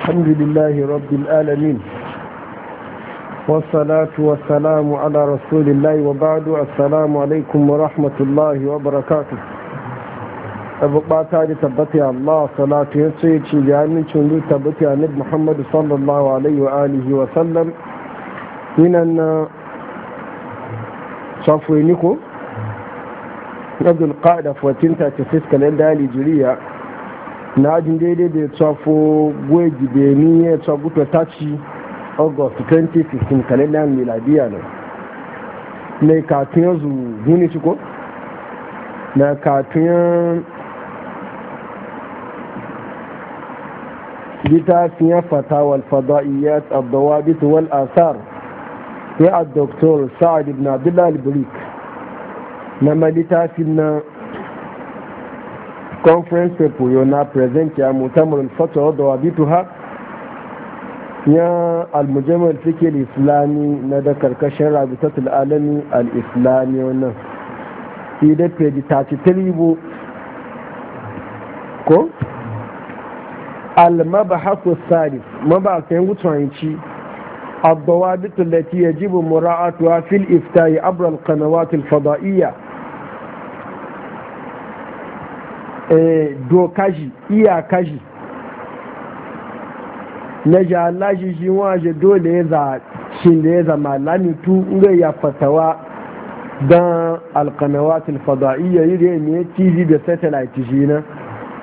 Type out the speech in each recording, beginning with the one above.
الحمد لله رب العالمين والصلاة والسلام على رسول الله وبعد السلام عليكم ورحمة الله وبركاته أبقى تعالي تبتي الله صلاة يسيك لأمين شنو تبتي عن محمد صلى الله عليه وآله وسلم من أن شافوينكم عبد القاعدة 1436 كالندا الهجرية na ajin daidai da ya tsafo gwaji da ni ya tsafu ta tachi august 2015 kalendar miladiya ne na katun zu guni ciko na katun littafin fatawa alfada'iyyat abdawabit wal asar ya a Doktor sa'ad ibn abdullah Brik. bulik na ma littafin na. conference pepu yo na present ya mutamurin fatawa da ha ya almujamar fikir islami na da karkashin rabitatul alami al-islami wannan shi da page 33 ko al-mabahasu salif mabahasayin gutsuwanci الضوابط التي يجب مراعاتها في الإفتاء عبر القنوات الفضائية Eh, dokaji iyakaji iyaka shi na jala shi shi waje dole ya za shi da ya zama lamitu ga ya fatawa don alkanawatul iya yi da ya tv da satellite shi na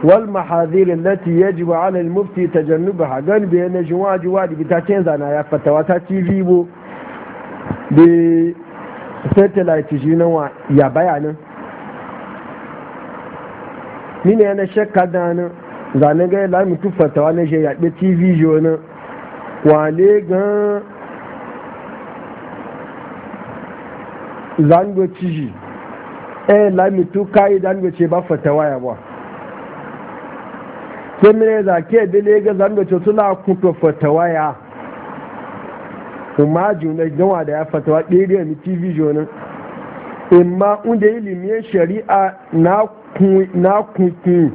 wal mahazir lati yajibu ala al-mufti tajannubaha gan bi yana shi waje waje ta canza na ya fatawa ta tv bo da satellite shi na ya bayanin mini yana shakka da nan zane ga ila mi tufata wani shi ya ɓe tv jo nan wale gan zango ciji e la mi tu kayi zango ce ba fata waya ba ke mini za ke dele ga zango ce tula kuto fata waya kuma juna gawa da ya fata wa ɗaya mi tv jo nan imma inda ilimin e shari'a na kunki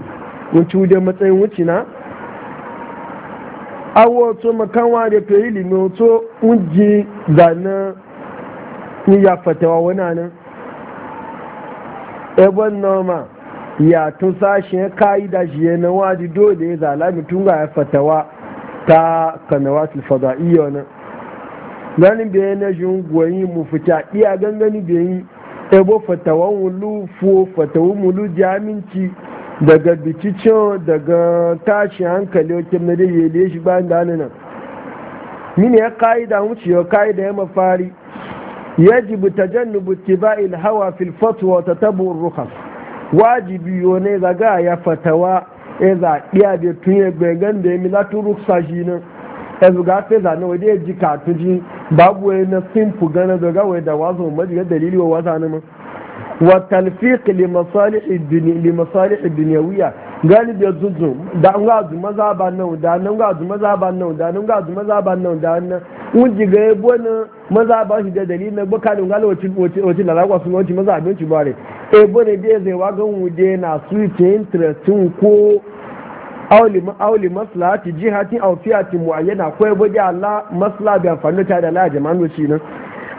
wuce wuce matsayin wuce na awo to makanwa da limi ilimi to unji da na ni ya fatawa wani nan ebon noma ya to sashi ya kayi da shi na wadi dole ya zala mutum ga ya fatawa ta kanawatul fada'iyya wani ganin da ya na shi mu fita iya gangani da yi ebo fatawan wulu fuwo fatawan wulu jaminci daga bikicin daga tashi hankali wakin na da yele shi bayan da nan mini ya ka'ida wucewa ka'ida ya mafari yajibu tajannubu tiba'il hawa fil fatwa ta tabu rukhas wajibi yo ne zaga ya fatawa ya e za iya da tun ya gbegan da ya milatu ruksa shi nan ezuga ga sai zane wa dai ji katuji babu wai na simfu gana da ga wai da wazo majiga dalili wa wata nan wa talfiq li masalih ad-dunya li masalih ad-dunyawiyya gani da zuzu da an ga zuma zaba nan da nan ga zuma zaba nan da nan ga zuma zaba nan da nan mun ji ga yabo nan maza ba shi da dalilin na baka da ngalo wacin wacin wacin da lagwa sun wacin maza ci bare e bone dai zai wa ga mu dai na suite interest ko auli maslahati jihatin aw fi'atin muayyana ko ya bude Allah maslaha bi amfani ta da la jama'an nan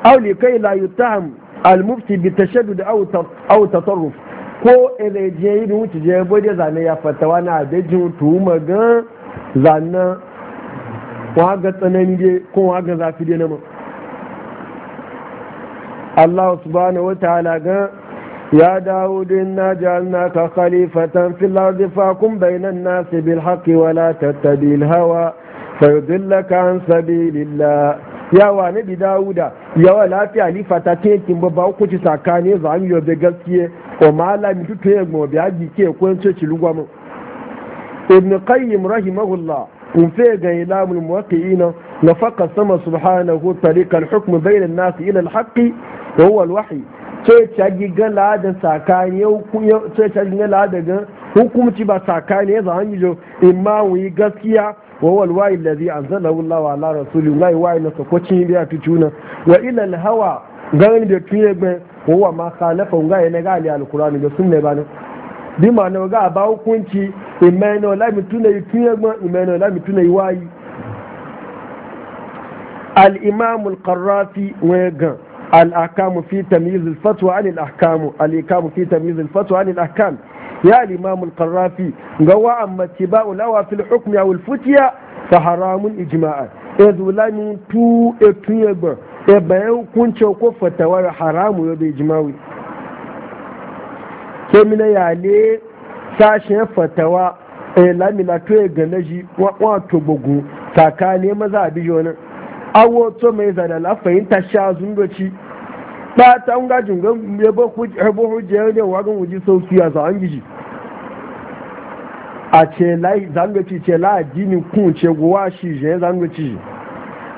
auli kai la yutaham al mufti bi tashaddud aw aw tatarruf ko ele je yi wuce je bude zane ya fatawa na da jin tuma ga zanna wa ga tsananje ko wa ga zafi dai na ma Allah subhanahu wa ta'ala ga يا داود إنا جعلناك خليفة في الأرض فاقم بين الناس بالحق ولا تتبع الهوى فيضلك عن سبيل الله يا ونبي داود يا ولا في خليفة تيكين بابا وكوتي ساكاني زعيم يوبي وما لا متوتو يغمو بياجي كي يكون تشي لغوامو ابن قيم رحمه الله وفيق إلام الموقعين نفق السما سبحانه طريق الحكم بين الناس إلى الحق وهو الوحي sai ta gigala da sakani sai ta daga hukumci ba sakani ya zama yi jo imma wuyi gaskiya wa walwayi lazi an zana wa ala rasuli lai wayi na sakwacin biya fi tuna wa ilal hawa gani da tuye gbe wa ma khalafa wunga ya naga ali alkurani da sunna ba ne bi ma na ga ba hukunci imma na la mi tuna yi tuye gbe imma na la mi tuna yi wayi al imam al qarrafi wa gan الأحكام في تمييز الفتوى عن الأحكام الإحكام في تمييز الفتوى عن الأحكام يا الإمام القرافي قوى أما اتباع الهوى في الحكم أو الفتية فحرام إجماعا إذ لم تو إتيب إبن كنت وكفة فتوى حرام يبي إجماعي كمنا يالي sashen فتوى eh lamina to ya gane shi wato bugu tsakanin maza a bijo nan awo to mai zana la fahimta sha zundoci ɓata an gajin gan yabo eh, ne da wagon wuji sauki a zawon giji a ce lai ci ce la addini kun ce guwa shi je ci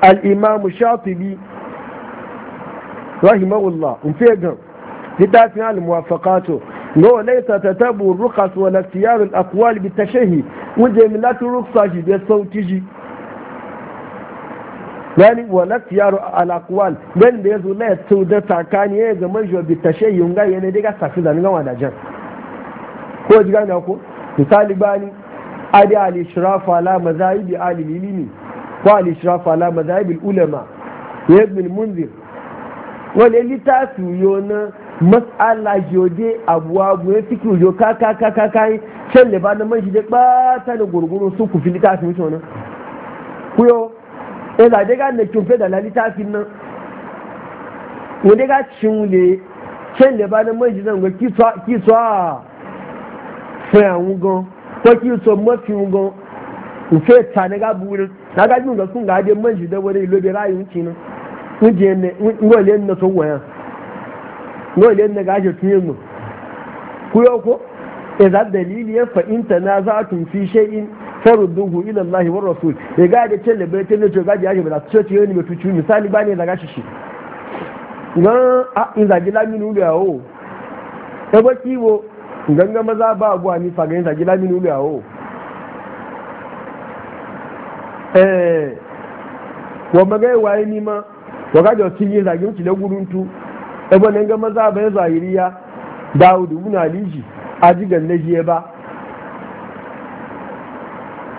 al imam shatibi rahimahullah in fe gan littafin al muwafaqato no laysa tatabu ruqas wa ikhtiyar al-aqwal bi tashahi min milatu ruqsa shi da sauti shi gani wala tiyaru alakuwal gani da ya zo na ya tsu da tsakani ya ga manjo bi tashe yunga ya ne daga safi da nuna wada jan ko ji gani ko misali bani adi al ishraf ala mazahibi al ilimi ko al ishraf ala mazahibi ulama ya ibn munzir wani litafi yona mas'ala jode abuwa buwe fiki jo ka ka ka ka ka can da ba na manji da ta da gurguru su ku fi litafi mutane kuyo ya eh, zaɗe ga na kyaufe da lalitafin nan wani ga cinle can da ba na mai zan ga kiso a fayawu gan ko kiso mafi gan ufe ta na ga burin na ga jin ga sun ga ade man shi da wani ilo bai rayu wuce nan wuje ne ngole ne so wayan ngole ne ga je tuye mu ku yo ko e za dalili ya fa in tanazatum fi shay'in farudduhu ila Allah wa rasul ya ga da cin labai cin nace gaji yake bada ce ce ne mai misali bane daga shi shi ga a in zagi laminu da yawo e ta ba kiwo ganga maza ba abu ani fa ga in zagi laminu da yawo e, eh wa magai waye ni ma wa ga da cin zagi mutu da guruntu ta ba e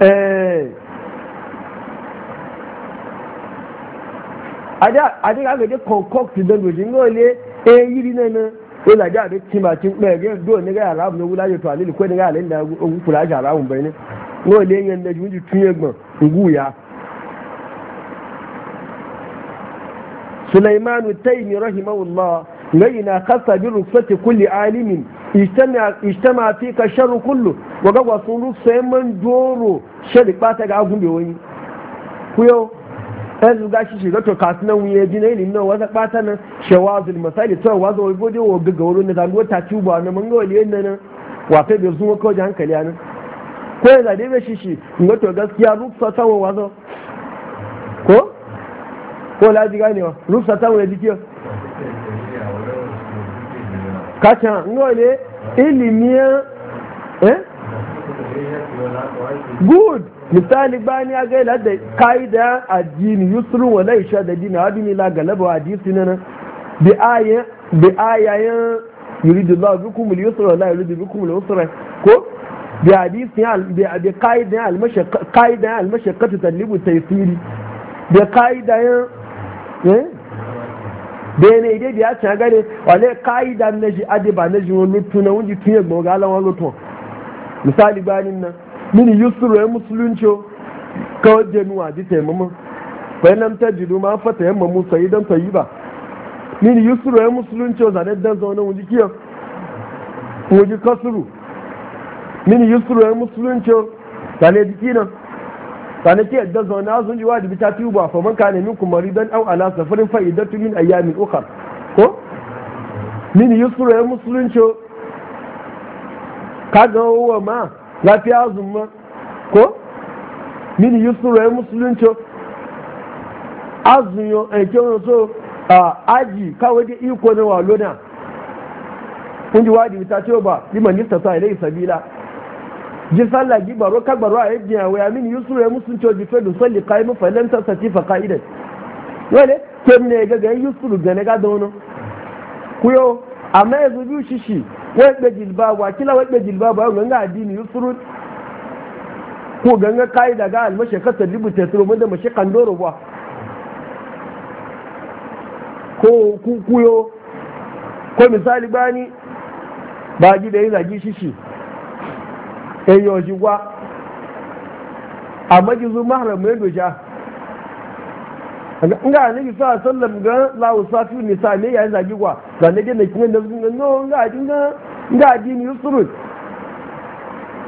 Eh. adịghị agaje kọnkọkt dogoji ole eyiri nene ụlọ e aja adị chimachi mkpe ge ndo onye gaghị arabụ n'ogwula aja tụ alili kwene gaghị alị a ogwukwuru aja arabụ mgbe ne n'ole enye nne ji nji tinye egbe ngwu ya sulaimanu taimi rahimahullah gayi na kasa na rufsati kulli alimin ijtama fi ka sharru kullu wa ga wasu rufe man doro shari bata ga agun bai wani kuyo ɗan zuga shi shiga to kasu nan wuye ji na ilimin nan wata bata nan shawazul misali to wazo wai gode wa gaga wurin da zango ta ci ba na mun ga wali yanda nan wa kai bai zuwa kawai hankali nan ko ya zade bai shi shi ga to gaskiya rufe sawa wazo ko ko laji ganewa rufe sawa ya ji kiyo kacha ngole ilimiyan eh good misali bani ya gaila da ka'ida addini yusrun wa laisha da dini hadini la galaba wa hadisi nan bi aya bi ya yuridu Allah bikum al yusra wa la yuridu bikum al usra ko bi hadisi bi bi ka'ida al mashaqqa ka'ida al mashaqqa talibu taysiri bi ka'ida eh bene ìdí ìdí àti àgẹ́rẹ́ ọ̀lẹ́ káyídà méjì adébà méjì wọn ló tún náà wọ́n ti tún yẹn gbọ̀ngàn aláwọ̀ ló tàn misali gba ni na mini yusuf rẹ e musulun ka o jẹ nuwa di tẹ mọmọ pẹlú ẹni tẹ jùlọ máa fọ tẹ mọmọ sọ yìí mini yusuf rẹ e musulun tso zàdé dẹ́nsọ̀ náà wọ́n ti kíyọ wọ́n ti mini yusuf rẹ e musulun tso zàdé dìkì sanake yadda zauna sun ji wajibi ta tuba fa man kana minkum maridan aw ala safarin fa iddatu min ayami ukhar ko min yusru ya musulunci kaga wa ma lafiya zumma ko min yusru ya musulunci azuyo e eh, kyon so aji kawai da iko ne walona kun ji wajibi ta tuba liman yastata ilai sabila ji sallah baro ka baro a yadda wa ya min yusuf ya musun coji fe da salli mu fa ta tasati fa qaidan wale kem ne ga ga yusuf ga ne ga dono kuyo amma yanzu biyu shishi wai be jilbabu kila wai be jilbabu ga ga addini yusuf ko ganga ga daga almashi ka talibu tasiru mun da mashi kandoro ba ko kuyo ko misali bani ba ji da yi zagi shishi ẹ̀yọ̀ ọ̀jì wá àmọ́júzú mahram mẹ́dọ̀já nga ne ki sa sallam ga la usafi ni sa ne yayin zagi kwa ga ne gina kin da zunga no nga ji nga nga ji ni usuru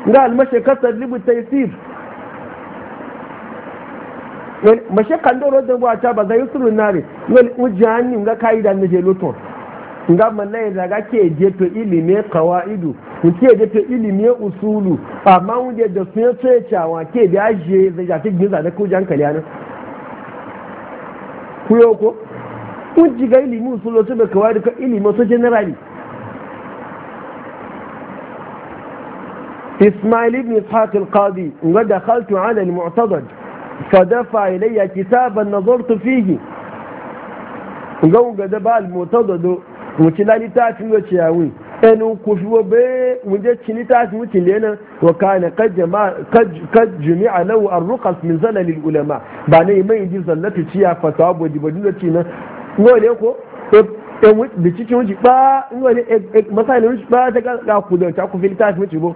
nga al kasar libu taysir mashakan doro da gwa ta ba zai usuru nare ne ujani nga kaida ne je loton nga mallai da ga ke je to ilimi qawaidu ku ke je to ilimi usulu amma mu je da sun ce cewa ke da je da ja tik da ku jan kaliyana ku yo ko ku ji ga ilimi usulu to be qawaidu ka ilimi so generally إسماعيل بن إسحاق القاضي ودخلت على المعتضد فدفع إلي كتابا نظرت فيه قوم قد بقى المعتضد wuce lalita fi wace yawon ɗanin kufi wa bai wunje cini ta fi wuce lena wa kana kad jumi'a lau a rukas min zalalil ulama ba na yi mai ji zallata ciya fasawa bodi bodi da cinan ngole ko da cikin wuce ba ngole e, e, masalin wuce ba ta ga ku da ta ku filta fi wuce bo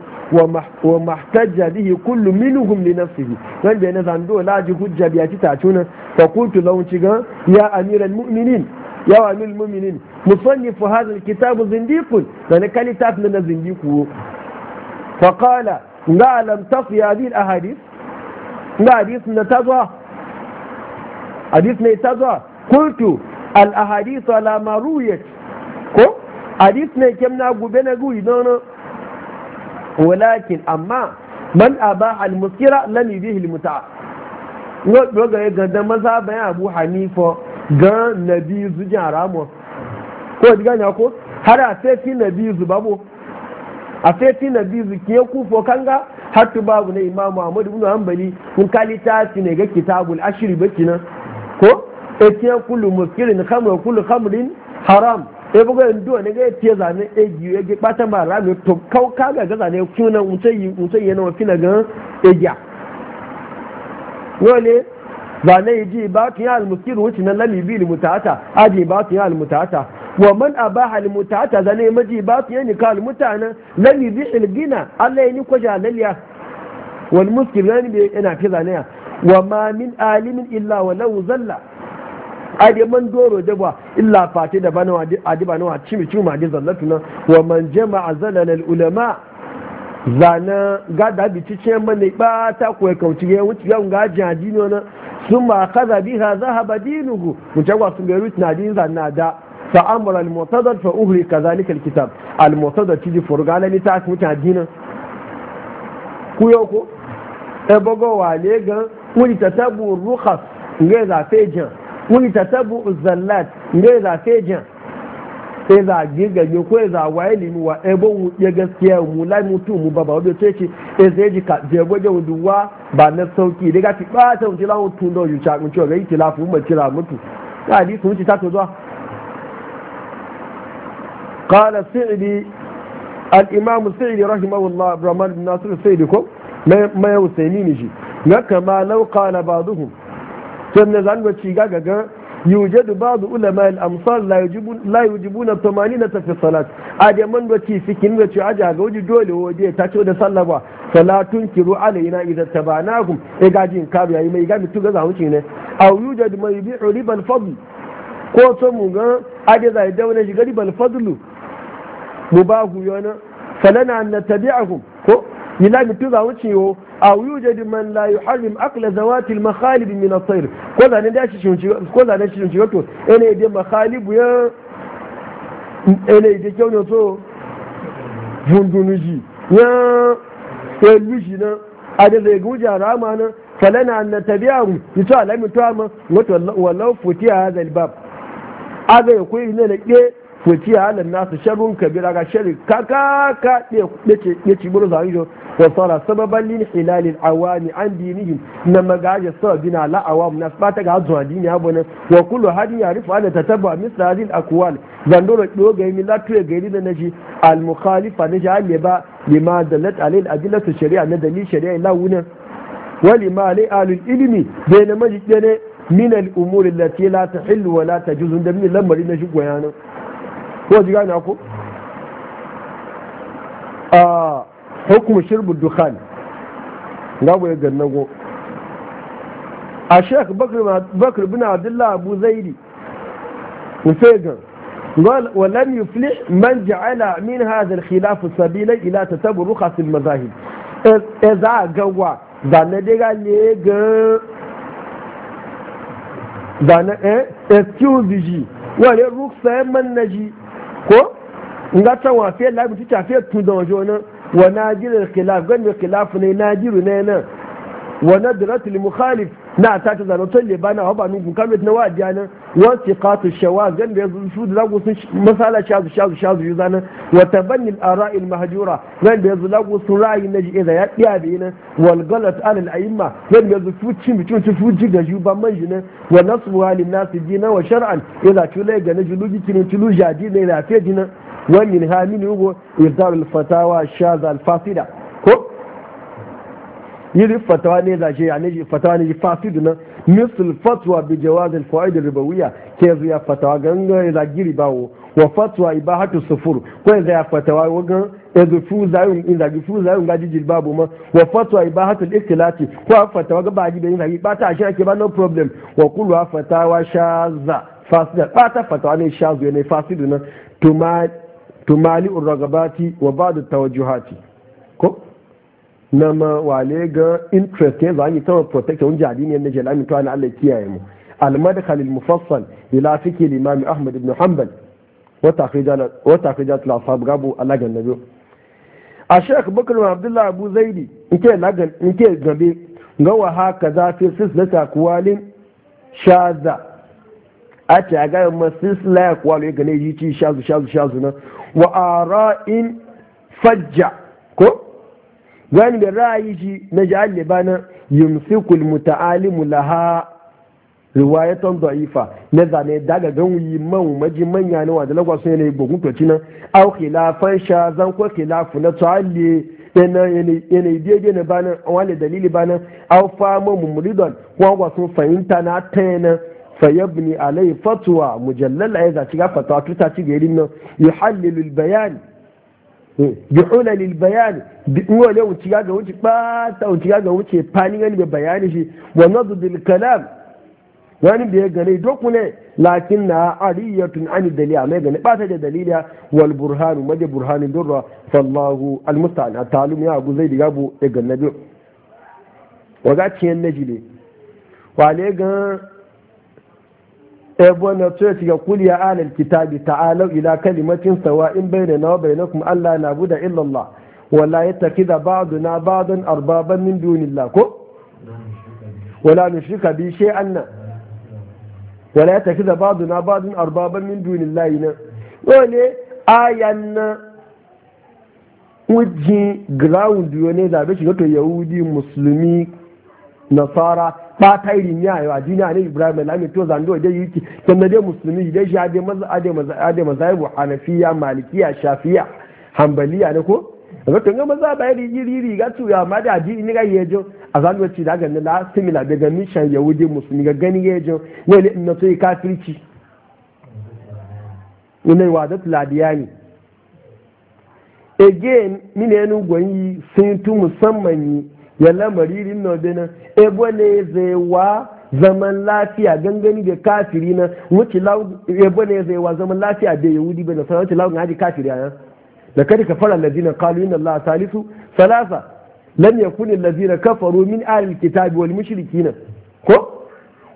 wa mahtajja bihi kullu minhum li nafsihi wanda yana zando laji hujja biya ci ta tunan fa kuntu launci ga ya amiral mu'minin ya wa mil muminin musannifu hadha alkitabu zindiqun dan kali taf na zindiqu fa qala la lam tafi hadhihi alahadith Nga hadith na tazwa hadith ne tazwa qultu alahadith ala ma ko hadith ne kem na gube na guyi nono walakin amma man aba muskira lam yubihi almuta'a ngo doga ga da maza bayan abu hanifa ga nabi zujin haramu ko ji ganya ko har a sai nabi zu babu a sai biyu zu ke kufo kanga har tu babu na imamu ahmad ibn hanbali kun kalita shi ne ga kitabul ashri ba kina ko etiyan kullu muskirin khamra kullu khamrin haram e bugo ndo ne ga etiye zane e giye ga pata mara ne to kau kaga ga zane kuna mutayi mutayi na fina ga eja wale zane ji ba tun ya almuskir wuce nan lami bi almutata aji ba tun ya almutata wa man abaha almutata zane maji ba tun ya nika almutana lami bi ilgina Allah ya ni ko jalaliya wal muskir zane bi ina fi zane wa ma min alimin illa wa law zalla ade man doro dabwa illa fati da bana adi bana wa cimi cimi adi zallatu na. wa man jama'a zalla al ulama zana gada bi cikin mana ba ta ko kauci ya wuce ga ga jadi ne sun ma kaza biha zahaba dinuhu mutagwa sun na tunadin na da فأمر المعتضد فأهري كذلك الكتاب المعتضد تيجي فرقالة لتاك متعدينا كيوكو ebogo wale gan wani tatabu rukhas ngai za fejan wani tatabu zallat ngai za fejan sai za a gigage ko za a waye wa ebo ya gaskiya mu lai mutu mu baba wadda ce ce e eh, zai ji ka je goje duwa ba na sauki daga ti ba ta wuce tun da yuca mun cewa yi tilafu mun cira mutu ya hadisi su ci ta to zuwa qala sa'idi al-imam sa'idi rahimahullah rahman bin nasir sa'idi ko na kama law qala sannan zan ga ci ga ga yujadu ba'd ulama al-amsal la yujibu la yujibuna tamaninata fi salat ade man do ci sikin do ci aja dole wode ta ce da sallah ba salatun kiru alaina idan tabanakum e gajin karu yayi mai gami tuga zahuci ne aw yujadu man yubi'u ribal fadl ko to mu ga ade zai da wani shiga ribal fadlu mubahu yana falana an natabi'akum ko ila mitu zahuci yo أو يوجد من لا يحرم أكل ذوات المخالب من الطير كذا نداشي كذا نداشي شنشيكو أنا يدي مخالب يا أنا يدي كوني تو جندونجي يا يلوجي نا أنا ليجوجي أراما أنا فلنا أن نتبعهم يتوى لم يتوى ولو فتي هذا الباب هذا يقول هنا لكي إيه؟ فتي هذا الناس شر كبير على شر كاكا كا يتشبر زعيجو wa tsara sababan lini hilalin awami an dinihin na magaji sau gina la'awa na sabata ga zuwa dini abu ne wa kullu hadin ya rufu ana tattaba a misalin akuwal zandoro ɗogai mi latu ya gari na naji al-mukhalifa na jami'a ba lima da latalil a jilatun shari'a na dalil shari'a ila wuna wali ma ne ilimi bai na maji ɗane min al'umuri lati lati hilu wa lati juzu da min lamari na shugbanyanin hukum shirbu dukhan gabu ya gannago a sheikh bakr bin abdullah abu zaidi mufegan قال ولم يفلح من جعل من هذا الخلاف السبيل الى تتبع رخص المذاهب اذا قوى zane dai ga ne ga zane eh excuse ji wale ruksa man naji ko nga ta wa fe la ta fe tun da وناجر الخلاف قلنا الخلاف ناجر نينا وندرت المخالف نا تاتي زانو تلي بانا هبا نوفو كامت نواد جانا يعني. وانسقات الشواز قلنا بيزود لغو مسالة شاز شاز شاز جزانا وتبني الآراء المهجورة قلنا بيزود لغو سراي نجي إذا يأتي بينا والغلط على الأئمة قلنا بيزود فوت شم بيشون تفوت جيجا جيوبا منجنا ونصبها للناس دينا وشرعا إذا تلقى نجلو جتنو جادينا إذا تجنا wannan hamini ugo irzar fatawa shaza alfasida ko yiri fatawa ne da je yani fatawa ne fasidu na misl fatwa bi jawaz alfaid alribawiya ke ya fatawa ganga da giri bawo wa fatwa ibahatu sufur ko ya fatawa ga edu fu zayun in da fu zayun ga babu ma wa fatwa ibahatu alistilati ko fatawa ga baji da yin ba ta shi ake ba no problem wa fatawa shaza fasida ba fatawa ne shazu fasidu na tumali urragabati wa ba da tawajuhati ko na ma wale ga interest ne za a yi ta protection wani jadi ne na jalami to na Allah kiyaye mu al Khalil mufassal ila fikhi al-imam Ahmad ibn Hanbal wata fi jata la sabu gabu Allah ga nabi a shek Bakr bin abdullahi Abu Zaidi nke lagan nke gabe ga wa haka za fi silsilata kuwalin shaza a ce a ga masu kuwa lo ga gane yi ci shazu shazu shazu na wa ara'in fajja ko wani da ra'ayi shi na jihar libanin yumsikul muta'alimu laha riwayatan da'ifa na zane daga ganwuyi man maji manya na wanda lagwa sun yanayi bugun toci nan au khilafan sha ko khilafu na tsalle yanayi daidai na bana wani dalili bana au fama mumuridon kuma sun fahimta na ta فيبني عليه فتوى مجللة إذا تجا فتوى تتا تجي لنا يحلل البيان بحلل البيان هو لو تجا wuce باتا وتجا جوتي بانيان ببيان شي ونضد الكلام wani da ya gare doku ne lakin na ariyatun an dalila mai gane bata da dalila wal burhanu maje burhanu durra sallahu al musta'an a ya zai diga bu ya ganna najile gan ebo na so ya shiga kuli ya alal kitabi ta'alau ila kalimatin sawa'in in wa bainakum alla nabuda illa Allah illallah. wala yattakhidha ba'duna ba'dan arbaban min dunillah ko wala nushrika bi annan? wala da yattakhidha ba'duna ba'dan arbaban min dunillah ne wale ayan na wajen ground yo ne zabe shiga to yahudi musulmi nasara ɓata irin ya yawa duniya ne ibrahim lami to zando da yuki kuma dai musulmi dai shi ade maza ade maza ade mazhabu hanafiya malikiya shafiya hanbaliya ne ko ga to ga maza ba yiri yiri riga tu ya ma da ji ni ga yejo a zando ci da ganin la simila daga mission yahudi musulmi ga gani yejo ne ne na to kafirci ne wadat ladiyani again mine nu gwanyi sun tu musamman yi yalla maririn no na. ebo ne zai wa zaman lafiya gangani da kafiri na wuce ebe ebo ne zai wa zaman lafiya da yahudi bena sanar wuce lau na haji kafiri a da kada ka fara lazina kalu inna Allah salisu salasa lam yakun allazina kafaru min ahli wani wal mushrikin ko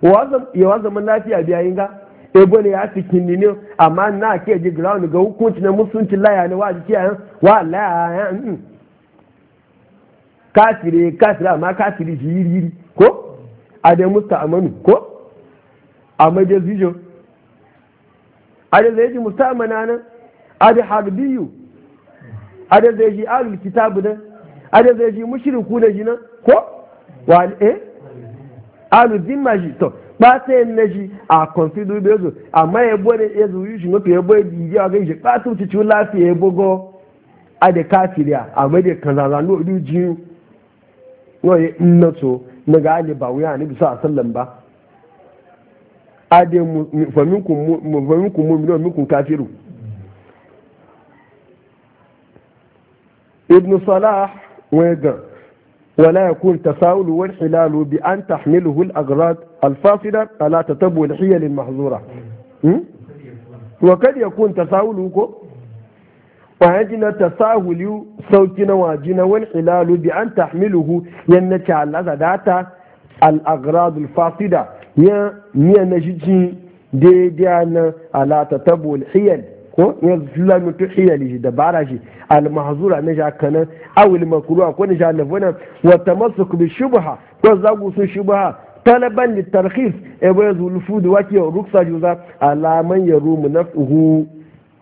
wa zaman lafiya biyayin ga ebo ne ya fi ni ne amma na ke ji ground ga hukunci na musulunci laya ne wa ji wa laya kafire kafire amma kafiri shi yiri yiri ko a dai musta amanu ko amma dai zijo a dai zai ji musta amana nan a dai harbiyu a dai zai ji alul kitabu nan a dai zai ji mushriku na ji nan ko wa eh alul zimma ji to kpata na ji a consider ube ezo amma ebo ne ezo yushi ngoto ebo eji iji aga ije kpata uchichi ụlọ afọ ebo go a dai kafiri a amma dai kanzanzan n'olu jiyu waye in na so na gane ba wuya ne bisa a sallan ba a de mu fahimin kun mummina wa mikun kafiru ibn salah wani ga wala ya kun ta sa'ulu wani hilalu bi an ta hamilu hul agrad alfasida ala ta tabo da hiyalin mahzura hmm? wa kadi ya kun ta sa'ulu ko wajina ta sahuli sauki na wajina wal hilalu bi an tahmiluhu yanna ta alaza data al agradul fasida ya miya na jiji daidai na alata ko ya mutu hiyali shi dabara shi al mahzura na jakanan awil makruha ko na jalabuna wa tamassuk bi shubha ko zagu sun shubha talaban litarkhis e bai zulfu da wake ruksa juza alaman yarumu nafsuhu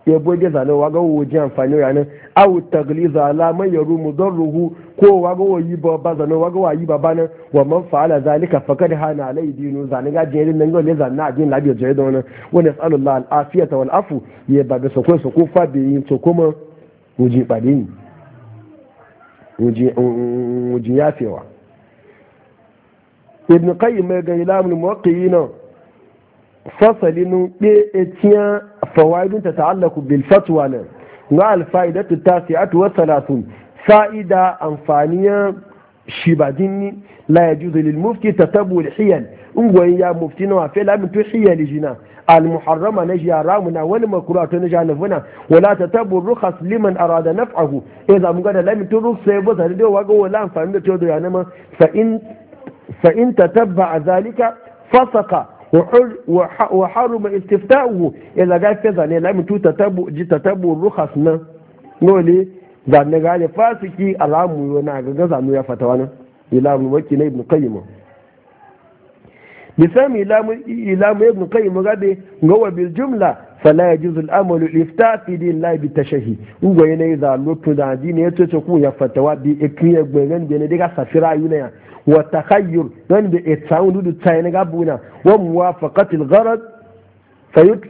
ya bude zane wa ga wajen amfani ya nan awu tagliza ala man yaru mudarruhu ko wa ga wayi ba ba zane wa ga wayi ba bana wa man fa'ala zalika faqad hana alai dinu zane ga jere nan ga le zane a jin labiya jere da wannan wa nas'alullah al'afiyata wal afu ya ba da sokon soko fa bi yin to kuma wuji bade ni wuji wuji yafewa ibn qayyim ga ilamul muwaqqi'ina fasalinu bi etiyan fawaidun ta ta'allaku bil fatwa nan ga alfa'idatu tasi'atu Sa'ida salatun fa'ida amfaniyan shibadinni la yajuzu lil mufti tatabu al hiyal ungoyin ya mufti na wafe lamin to hiyal jina al muharrama na jiya ramuna wal makruha to na janafuna wala tatabu rukhas liman arada naf'ahu idza mun gada lamin to rukhsa ya bata da waga wala amfani da to da yana ma fa in fa in tatabba zalika fasaka wa haruma istifta'uhu ila ga fe zane la mutu tatabu na nole zane ga ya fata fala yajuzu al amalu ifta fi din la bi da dini yato ce ya fatawa bi ikriye gbe ran bi ne safira yuna wa takhayyur don da etsaun dudu tsaye na gabuna wa muwafaqatil gharad fayut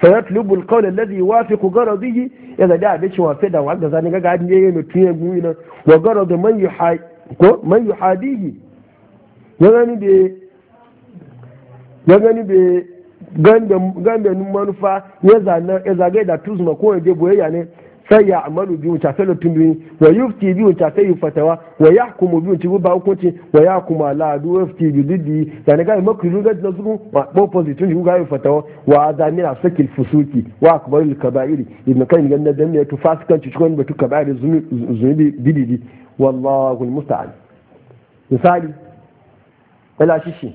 fayatlubu alqawl alladhi yuwafiqu gharadihi idza da bi cewa sai da wanda zani ga gadin yayi mutun ya gumina wa gharad man yuha ko man yuhadihi yagani be yagani be ganda ganda manufa ya zana ya zagaye da tuzma ko ya je boyayya ne sai ya amalu biyun ta sai lutun biyun wa yufti biyun ta sai fatawa wa ya yahkumu biyun ti ba hukunci wa ya yahkumu ala du yufti bi diddi da ne ga makru ga da su wa opposite ni ga fatawa wa azamina sakil fusuki wa akbarul kaba'iri ibn kan ga da ne to fasikan ci cikin batu kaba'iri zunubi dididi wallahu almusta'an misali ala shishi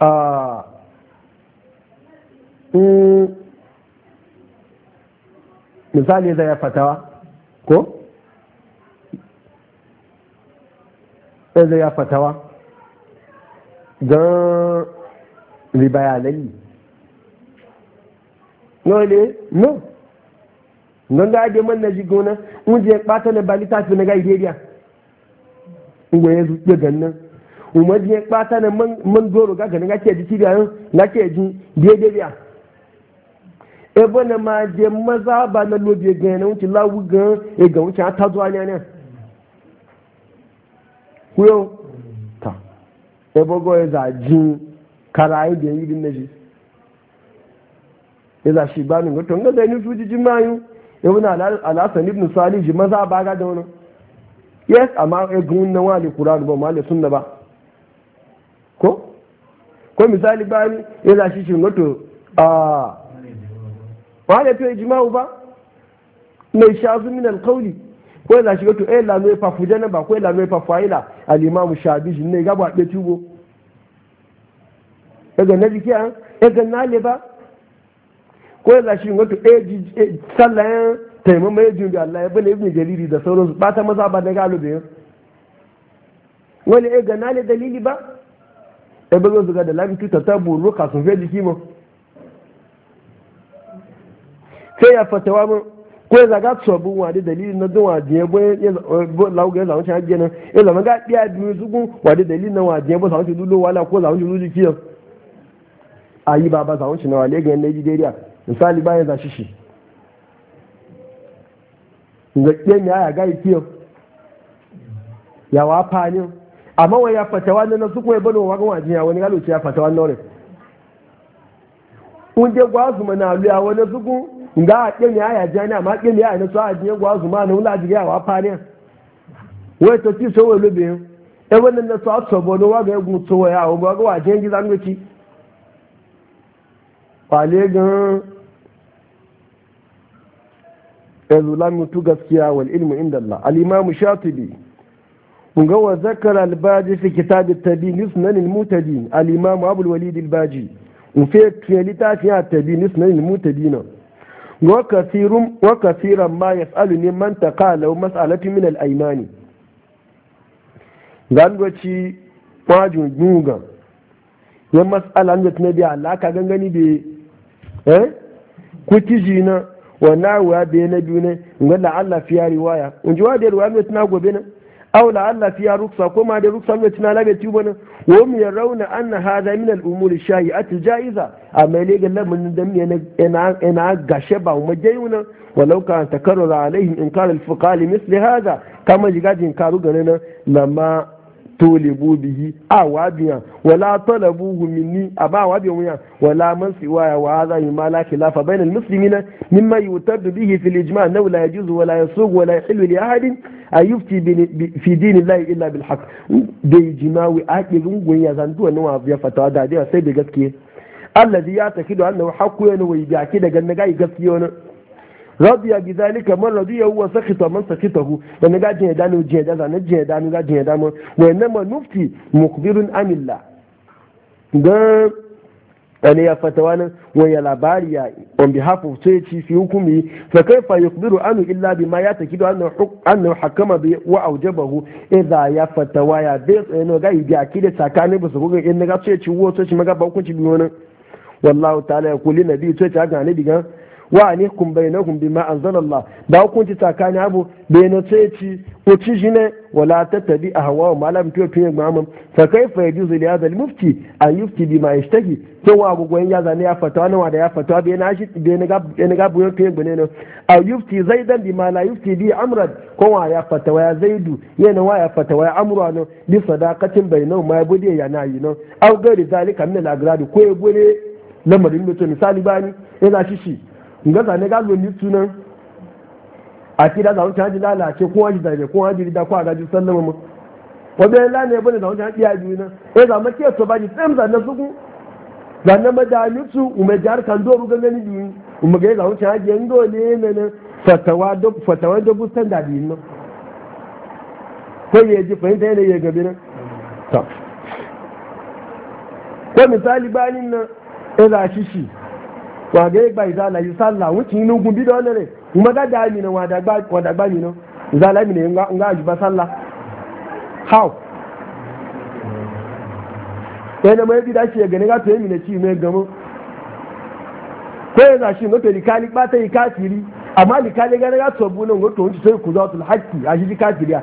ah mm, misali zai fatawa ko zai ya fatawa don ribayanai nole no don ga ade man na ji gona wuje kpata na bali fi na gaideria ugbo ya zuke ganin umar ya kpata na man goro ga ganin ake ji kiriya na ke ji daidaiya ebe na ma je maza ba na lobe gan na wuce lawu gan e ga wuce a tazo ne ne kuyo ta ebe go ya e za e ji karayi da yi ne naji ya za shi ba ni goto. tonga da ni suji jin mayu ibn e al-hasan ibn salih ji maza ba ga da wani yes amma e gun na wali qur'an ba mali sunna ba ko ko misali ba ya za shi shi ngoto ah wa da to ijma'u ba mai shazu min kauli ko la shiga to eh la no fa nan ba ko yana no fa faila al imam shabi ne gaba ba tubo daga na jiki an daga na le ba ko za shi ngoto eh, eh sallayan taimama, mai jin da Allah ya bane ibn jariri da sauransu ba ta maza ba da galo da wani eh ga na le dalili ba eh bazo zuga da lafi tuta tabu ruka sun fe jiki mu sai ya fatawa mun ko za ga tsobin wadi dalilin na zan waje bo lauga za wancan hajje nan ya zama ga biya biyu zugun dalilin na waje bo za wancan dulo wala ko za wancan dulo kiyan ayi baba za wancan na wale ga yanda Nigeria misali bayan za shi shi ga kiyan ya ya ga kiyan ya wa fanin amma wai ya fatawa na su ya bano wa ga wani galo ya fatawa na kunje gwazu mana luya wani suku nga a ya aya jani amma kemi aya na so a jiye gwazu ma na wula jiga wa fani wai to ci so wai lobe e wani na so so bono wa ga egun so ya o ba ga wa jiye giza ngoci kwale gan ezu lamu gaskiya wal ilmu inda Allah al-imam shatibi kunga wa zakara al-baji fi kitab at-tabi nisnan al-mutadi al-imam walid al-baji ufe tuye littafin a tabi ni suna yin muta dina wa kasiran ma ya tsalu ne man ta kalau masalatu min al'aimani zangoci kwajin duga ya masala an na biya alaka gangani bai eh kuti ji na wa na wa bai na biyu ne ga la'alla fiya riwaya in ji wa da riwaya mai tuna gobe na Aula la alla fiya ruksa koma ma da ruksa mai tuna labe tuba nan wa mu yarawna anna hadha min al umuri shai'ati jaiza amma ne ga lamun da mu ina ina gashe ba mu jayuna walau ka takarrara alaihim in qala al fuqali misli hadha kama jigajin karu ganin nan lamma tolibu bihi a wabiya wala talabu minni a ba wabiya wuya wala man siwaya wa hadha mimma la khilafa bayna almuslimina mimma yutaddu bihi fil ijma' na la yajuzu wala sugu wala yahillu li ahadin an yufti fi dinillahi illa bil haqq da ijma'u aqilun gunya zanduwa ne wa ya fatawa da dai sai da gaskiya allazi ya takidu annahu haqqu yana wa yaki daga nagai gaskiya radiya bi zalika man radiya huwa sakita man sakitahu dan ga jin dano jin dano na jin dano ga jin dano wa inma nufti mukbirun amilla da ani ya fatawa wa ya labari ya on behalf of say ci hukumi fa kaifa yukbiru anu illa bima ya takidu annahu anna hukama bi wa awjabahu idha ya fatawa ya bi no ga ibi akide tsakanin ba su ga in ga sai ci wo sai ci maga ba hukunci bi nan wallahu ta'ala ya kulli nabi sai ta ga ne ga wa alaikum bainahum bima Allah Ba hukunci tsakanin abu bai na ce ci uci shi ne wala tattabi ahwa ma lam tutu ya mamam fa kaifa yajuzu li ya zali mufti A yufti bima taki to wa gugun ya zane ya fata wani wada ya fata bai na shi bai na ga bai na ga buyo tuyen gune ne aw yufti zaidan bima la yufti bi amrad ko wa ya fatawa ya zaidu yana wa ya wa ya amru no bi sadaqatin bainahum ma bude ya na yi no aw gari zalika min al-agrad ko ya gune lamarin mutum misali bani ina shi shi nga zane ga zo ni sunan a ti da zaun caji lalace ko wani zaje ko wani da ko a gaji sallama mu wajen lana ya bane zaun caji ya biyu nan eh za ma to baji tsam zane su zane madani su ume jar kan do rugan gani biyu ume ga zaun caji yan dole ne nan fatawa da fatawa da bustan da biyu nan ko ya ji fahimta ne ya gabe nan ko misali banin nan eh za shi shi wa gba ba izala yi salla wuce ni gun bi dole re kuma ga da mi na wa da gba wa da gba mi no how shi ga ne ga to mi ne ci me gamo ko yana shi no likali ba ta yi amma likali ga ga to na nan go to sai ku za tul haqqi a shi kafiri ya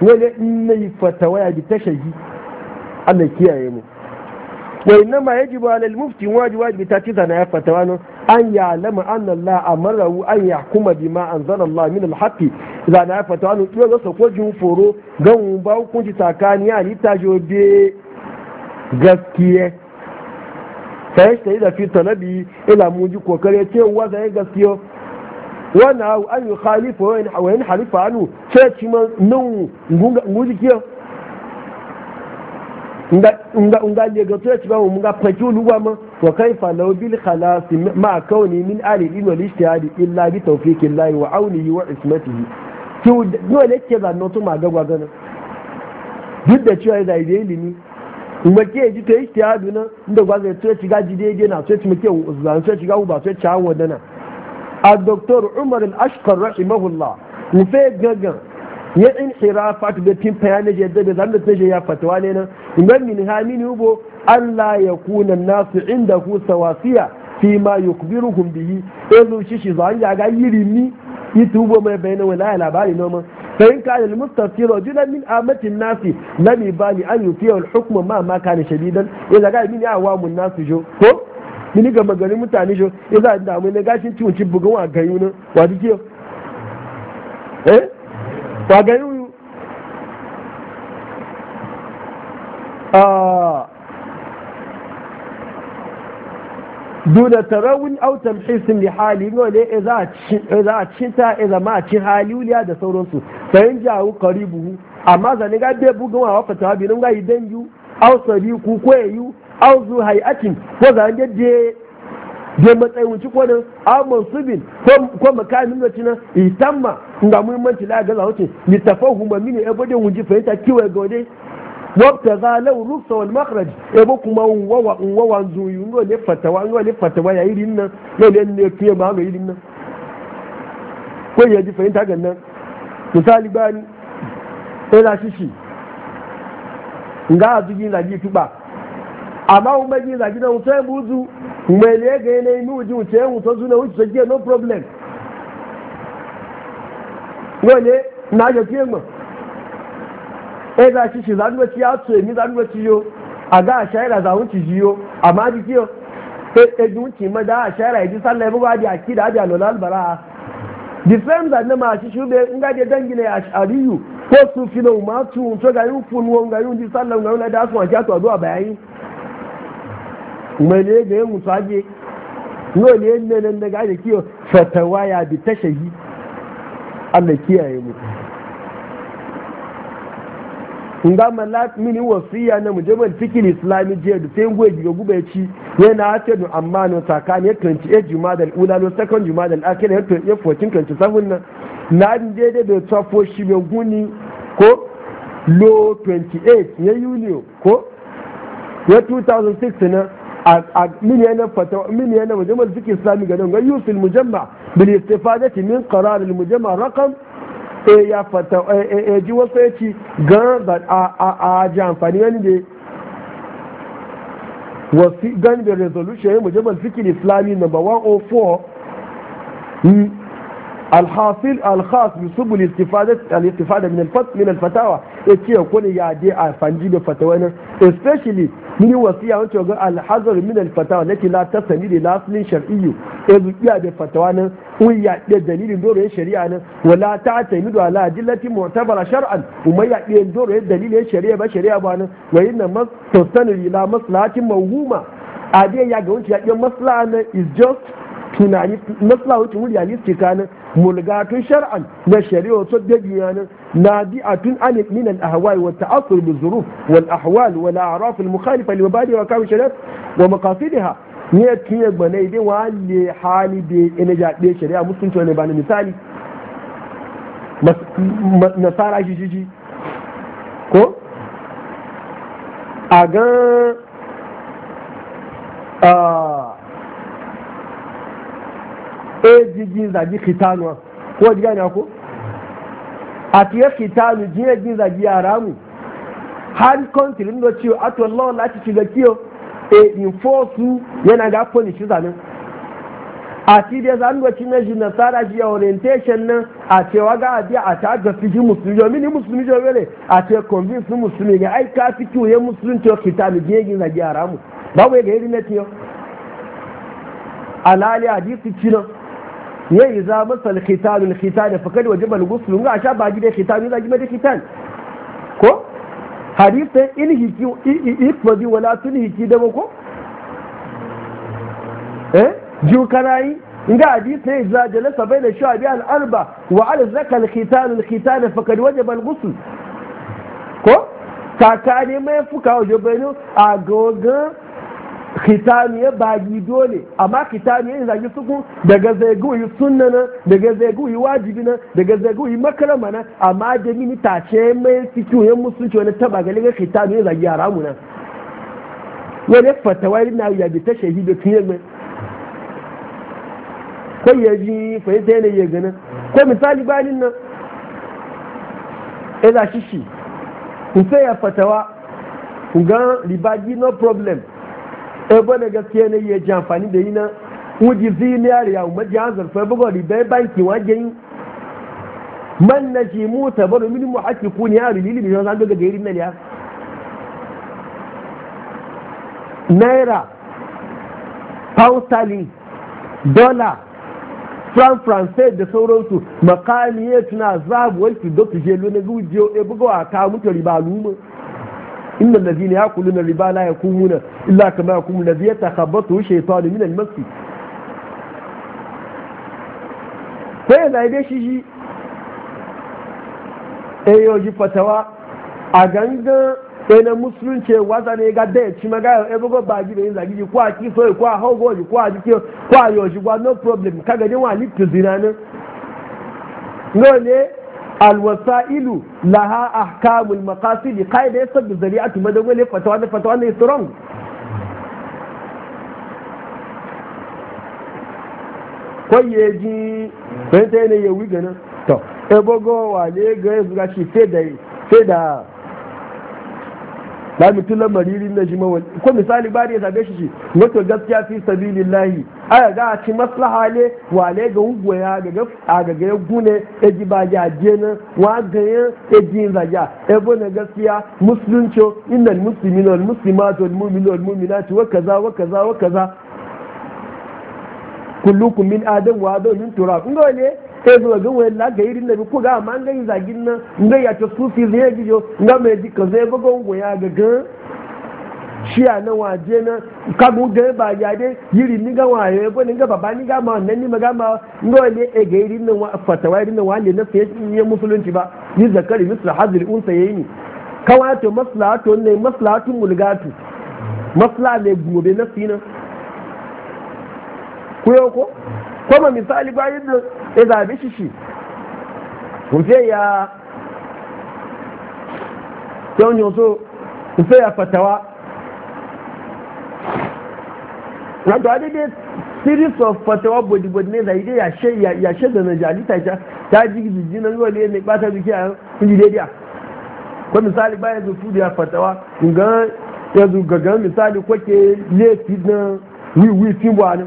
ne ne ya bi wa innama yajibu alal mufti wajibi wajibi ta ci zana ya fatawa nan an ya'lama anna Allah amarahu an yahkuma bima anzala Allah min al-haqqi zana ya fatawa nan tuwa ga sako jin foro gan ba hukunci tsakani ya lita jobe gaskiya sai shi da fi talabi ila muji kokare cewa zai gaskiya wannan an yi khalifa wa in halifa anu sai ci man nan nguji kiyo nga je nga tuya ci ba mu ga faki ma wa kaifa law bil khalas ma kauni min ali ibn al ijtihad illa bi wa aunihi wa ismatihi ki no le ke da no ma ga gwagan duk da cewa da ide ilimi kuma ke ji ta na inda gwaga jide na tuya ci muke zan tuya ci ga a doktor umar al rahimahullah mu fe ya in hirafat da fin fayane je da zan da taje ya fatawa ne nan imam min hamini ubo Allah ya kuna nasu inda ku sawasiya fi ma yukbiruhum bihi ezu shi shi zan ya ga yirimi itubo mai bayana wala labari noma فإن كان المستفتي رجلا من آمة الناس لم يبالي أن يطيع الحكم ما ما كان شديدا إذا قال wa mun nasu jo ko mini ga maganin mutane shi ya za a damu na gashin ciwon cibbugan wa gayunan wa yau eh wa ga yi duna tarawun au tamhisin li hali ne e za a cinta e zama a cin e wuliya da sauransu sayan jawo karibu amma zane ga bai bugun wa wafa tawabi nan yi danju au sariku ko yayu au zu hayatin ko zane da da matsayin wuci ko nan amon subin ko makamin da cinan itamma ga muhimmanci la ga zahuci litafahu ma mini e bodin wuji fahimta kiwa ga wade wabta za lau rufsa wal makhraj e bo kuma wawa wawa zuyu ngo ne fatawa ngo ne fatawa ya irin nan ne ne ne kiye ma ga irin nan ko ya ji fahimta ga nan misali bani ila shishi nga azugi la ji tuba amma un bagi za gidan wuce buzu mai ne ga yanayi mi wuce wuce yin wuce zuna wuce sake no problem wale na ga fiye ma e za shi shi za duwa ci ya tsoye mi za duwa ci yo a ga a shaira za wuce ji yo amma ji kiyo e ji wuce ma da a shaira ya ji sallah ya bugu adi a kida adi a lola albara the same that na ma shi shi ube in dangi dangine a ariyu ko su fi na umatu to ga yi funu ga yi wuce sallah ga yi wuce da su wanke a to a zuwa bayani mane ga yin mutu haje no ne yin nan daga ake kiyo fatawa ya bi tashahi Allah kiyaye mu in ga mala mini wasiya na mujabal fikil islami je da sai ngwe giga gube ci yana ta du amma no sakani yakan ci e juma da ula no second juma da akira yato ya 14 kan ci sabun nan na din je da da tsafo shi be guni ko lo 28 ya yuliyo ko ya 2006 na a min yana fata min yana mujammal fiqh islami ga nan ga yusil mujamma bil istifadati min qarar al e ya fata e, e, e ji wasu ya ci gan da a ji amfani wani da wasi gan da resolution ya mujammal fiqh islami number 104 الحاصل الخاص بسبل subul istifada min alfat من الفتاوى yace ko يا دي افنجي a fanji da fatawa nan especially من wasiya wato ga alhazar min alfatawa lati la tasani da laslin shar'iyyu yanzu iya da fatawa nan kun ya dalilin doroyin shari'a nan wala ta tamidu ala adillati mu'tabara shar'an kuma ya da doroyin dalilin shari'a ba shari'a ba nan wa inna mas tastanil ila ya ga ya is just tunani mulgatun shar'an na shari'a wasu da na nadi'atun an min al-ahwa'i wa ta'assur bi zuruf wal ahwal wal a'raf al mukhalifa li mabadi wa kam shari'a wa maqasidiha ne tiye gbana idin wa le hali be ina ja de shari'a musulunci ne ba ni misali nasara shi shi ko a ga e jigi zagi kitanuwa ko ji gane ko a kitanu jiye jin zagi yara mu har kontiri ndo ciwo a to kiyo e force yana ga polishi zanen a zan doci na shi orientation nan a cewa ga abi a ta ga fiji musulmi yo mini musulmi jo bele a ce convince musulmi ga ai ka fi kiwo ya musulmi to kitabu ba wai ga irin na alali hadisi cinan ya yi za masa alkhitanul khitan fa kad wajib al-ghusl ga sha ba gida khitan za gida da khitan ko hadithin in hiki ifadi wala tun hiki da ko eh ju karai inda hadith ne za jalasa da shu'abi al-arba wa ala zaka al-khitan al-khitan fa kad wajib Ko, ta ko ne mai fuka wajen bayanin a gogon kitanu ya bagi dole amma kitanu ya zagi suku daga zaiguyi sunna na daga zaiguyi wajibi na daga zaiguyi makarama na amma da mini tace mai fitu ya musulci wani taba gali ga kitanu ya zagi haramu na wani fatawa na ya bi ta shahidu tun yamma kai ya ji fahimta yanayi ya ganin ko misali bayanin nan ya zashi shi in sai ya fatawa ga ribaji no problem ebe na gaskiya ne ya ji amfani da yi na wuji ziniyar ya umar ji hanzar fa buga ribai banki wajen man na ji mu bano min mu haƙi ku ne yaro lili miliyan zan daga gairin nan ya naira pound sterling dollar fran français da sauransu makami ya tuna zabuwar ki dokta jelo na zuwa jiyo e buga wa mutu riba lumun innal الذين yaquluna riba لا يقومون illa kama يقوم الذي يتخبطه الشيطان من al sai da ibe shi shi eyo fatawa a ganga sai na musulunci waza ne ga da ya ci maga ya bugo ba gibe yin zagi ko a kiso ko a haugo ji ko a jike ko a yoshi gwa no problem wa ni tuzina ne alwasa'ilu laha ahkamul maqasidi qaida yasa bi zari'ati madawali fatawa da fatawa ne strong kwaye ji bai ta yanayi ya wiga nan to ebogo wale ga ya zuga shi sai da ba mutum maririn na shi mawali ko misali ba ya zabe shi shi wato gaskiya fi sabilillahi a ga ci maslaha ne wale ga ugoya ga ga a ga ga gune e ji ba ya je na wa ga ya e ji za ja e bo na gaskiya musulunci innal muslimina wal muslimatu wal mu'minina wal mu'minatu wa kaza wa kaza wa kaza kullukum min adam wa adam min turab ngole sai zuwa ga wani laga yi rinna ko ga amma an gani zagin nan ngai ya ta sufi zai gijo nga mai jika zai buga goya ga ga shi a nan waje na kagu ga ba ya dai yiri ni ga waye ya ni ga baba ni ga ma wannan ni ga ma nga wani e ga yi rinna wa wa rinna wa ne na sai ya musulunci ba ni zakari misra hazil unsa yayi kawato maslahatun ne maslahatun mulgatu masla ne gobe na fina kuyo ko kuma misali bayan da ya zabe shi shi ya ya fatawa na to adede series of fatawa bodibodi ne zai dai yashe da najalita ta ta ji jijinan wale ne bata biki a inji daidai ko misali bayan zufu da ya fatawa ga yanzu gagan misali kwake laifin na wiwi fin wani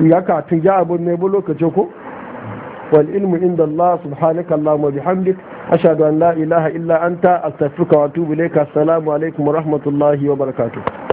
ya katun ya abun ne bu lokacin ko wal ilmu inda Allah subhanaka Allahumma bihamdik ashhadu an la ilaha illa anta astaghfiruka wa atubu ilayka assalamu alaikum wa rahmatullahi wa barakatuh